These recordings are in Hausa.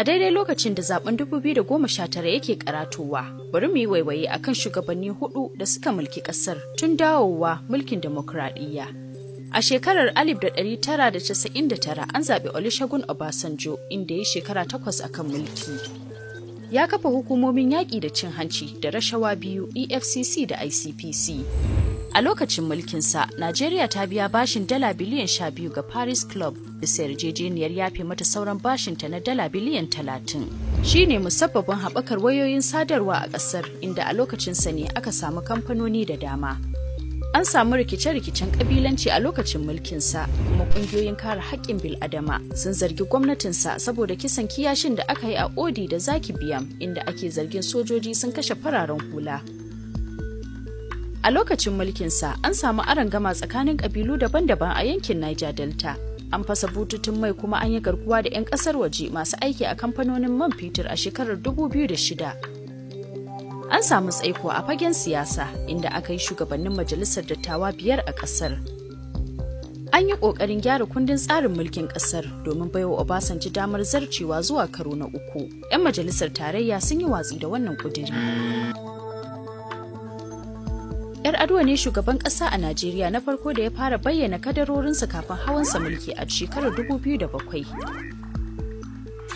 A daidai lokacin da zaben 2019 yake karatowa, bari mu yi waiwaye kan shugabanni hudu da suka mulki kasar tun dawowa mulkin demokradiyya. A shekarar 1999 an zaɓi Olusegun Obasanjo inda ya shekara takwas akan mulki. ya kafa hukumomin yaƙi da cin hanci da rashawa biyu efcc da icpc a lokacin mulkinsa najeriya ta biya bashin dala biliyan sha biyu ga paris club bisa yarjejeniyar yafe mata sauran bashinta na dala biliyan talatin shi ne musabbabin haɓakar wayoyin sadarwa a ƙasar inda a lokacinsa ne aka samu kamfanoni da dama an samu rikice-rikicen kabilanci a lokacin mulkinsa kuma kungiyoyin kare haƙƙin biladama sun zargi gwamnatinsa saboda kisan kiyashin da aka yi a odi da zaki biyam inda ake zargin sojoji sun kashe fararen hula a lokacin mulkinsa an samu gama tsakanin kabilu daban-daban a yankin niger delta an fasa bututun mai kuma an yi garkuwa da 'yan ƙasar waje masu aiki a kamfanonin man fetur a shekarar 2006 an samu tsaiko a fagen siyasa inda aka yi shugabannin majalisar dattawa biyar a ƙasar. An yi ƙoƙarin gyara kundin tsarin mulkin ƙasar domin baiwa Obasanjo damar zarcewa zuwa karo na uku. 'Yan majalisar tarayya sun yi watsi da wannan ƙudiri. Yar Adwa ne shugaban ƙasa a Najeriya na farko da ya fara bayyana kadarorinsa kafin hawansa mulki a shekarar 2007.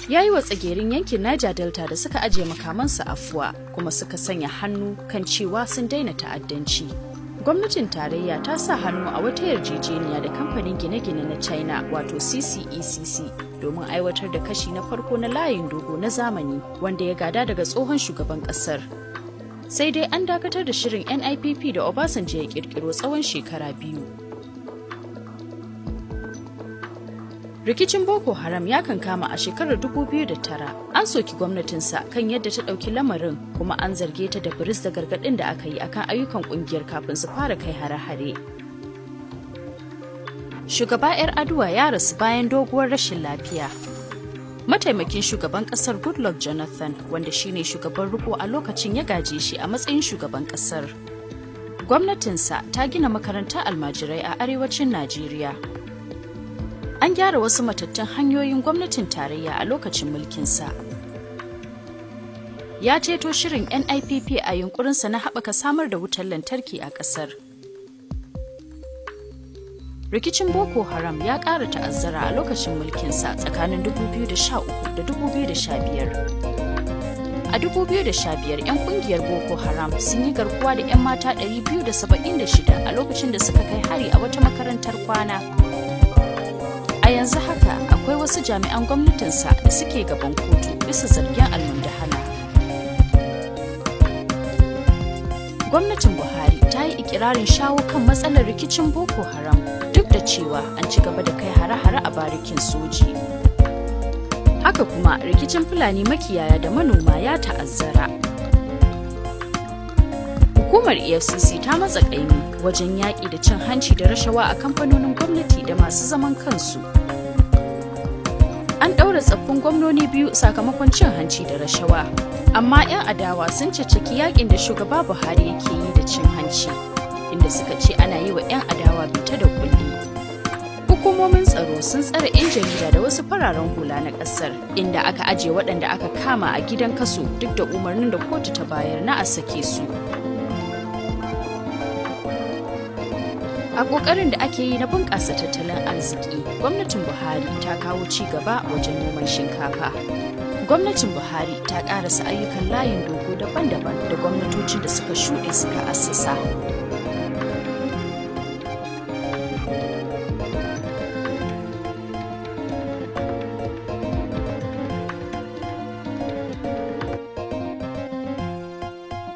ya yi wa tsagerin yankin Niger Delta da suka ajiye makamansa afuwa kuma suka sanya hannu kan cewa sun daina ta'addanci. Gwamnatin tarayya ta sa hannu a wata yarjejeniya da kamfanin gine-gine na China wato CCECC e domin aiwatar da kashi na farko na layin dogo na zamani wanda ya gada daga tsohon shugaban kasar. Sai dai an dakatar da shirin NIPP da Obasanjo ya kirkiro tsawon shekara biyu. rikicin boko haram ya kankama a shekarar 2009 an soki gwamnatinsa kan yadda ta ɗauki lamarin kuma an zarge ta da biris da gargaɗin da aka yi akan ayyukan ƙungiyar kafin su fara kai hare-hare shugaba 'yar aduwa ya rasu bayan doguwar rashin lafiya mataimakin shugaban ƙasar goodluck jonathan wanda shine shugaban riko a lokacin ya gaje shi a matsayin shugaban kasar gwamnatinsa ta gina makaranta almajirai a arewacin najeriya an gyara wasu matattun hanyoyin gwamnatin tarayya a lokacin mulkinsa. Ya ceto shirin NIPP a yunkurinsa na haɓaka samar da wutar lantarki a ƙasar. Rikicin Boko Haram ya ƙara ta'azzara a lokacin mulkinsa tsakanin 2013 da 2015. A 2015, 'yan ƙungiyar Boko Haram sun yi garkuwa da 'yan mata 276 a lokacin da suka kai hari a wata makarantar kwana. a yanzu haka akwai wasu jami'an gwamnatinsa da suke gaban kotu bisa zargin hana. gwamnatin buhari ta yi ikirarin shawo kan matsalar rikicin boko haram duk da cewa an ci gaba da kai hare-hare a barikin soji haka kuma rikicin fulani makiyaya da manoma ya ta'azzara Hukumar EFCC ta matsa ƙaimi wajen yaƙi da cin hanci da rashawa a kamfanonin gwamnati da masu zaman kansu. An ɗaura tsaffin gwamnoni biyu sakamakon cin hanci da rashawa, amma 'yan adawa sun caccaki yaƙin da shugaba Buhari yake yi da cin hanci, inda suka ce ana yi wa 'yan adawa bita da kulli. hukumomin tsaro sun tsare 'yan jarida da wasu fararen hula na ƙasar. inda aka aje waɗanda aka kama a gidan kaso duk da umarnin da kotu ta bayar na a sake su A ƙoƙarin da ake yi na bunƙasa tattalin arziki, gwamnatin Buhari ta kawo ci gaba wajen noman shinkafa. Gwamnatin Buhari ta ƙarasa ayyukan layin dogo daban-daban da gwamnatocin da suka shuɗe suka assasa.